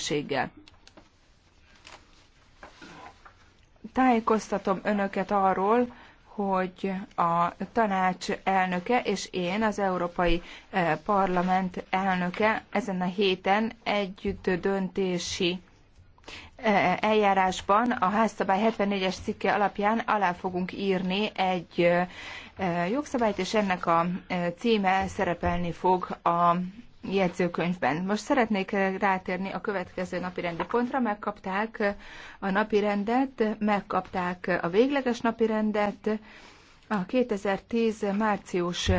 többséggel. Tájékoztatom önöket arról, hogy a tanács elnöke és én, az Európai eh, Parlament elnöke ezen a héten együtt döntési eh, eljárásban a házszabály 74-es cikke alapján alá fogunk írni egy eh, jogszabályt, és ennek a címe szerepelni fog a jegyzőkönyvben. Most szeretnék eh, rátérni a következő napirendi pontra. Megkapták eh, a napirendet, megkapták eh, a végleges napirendet, a 2010 március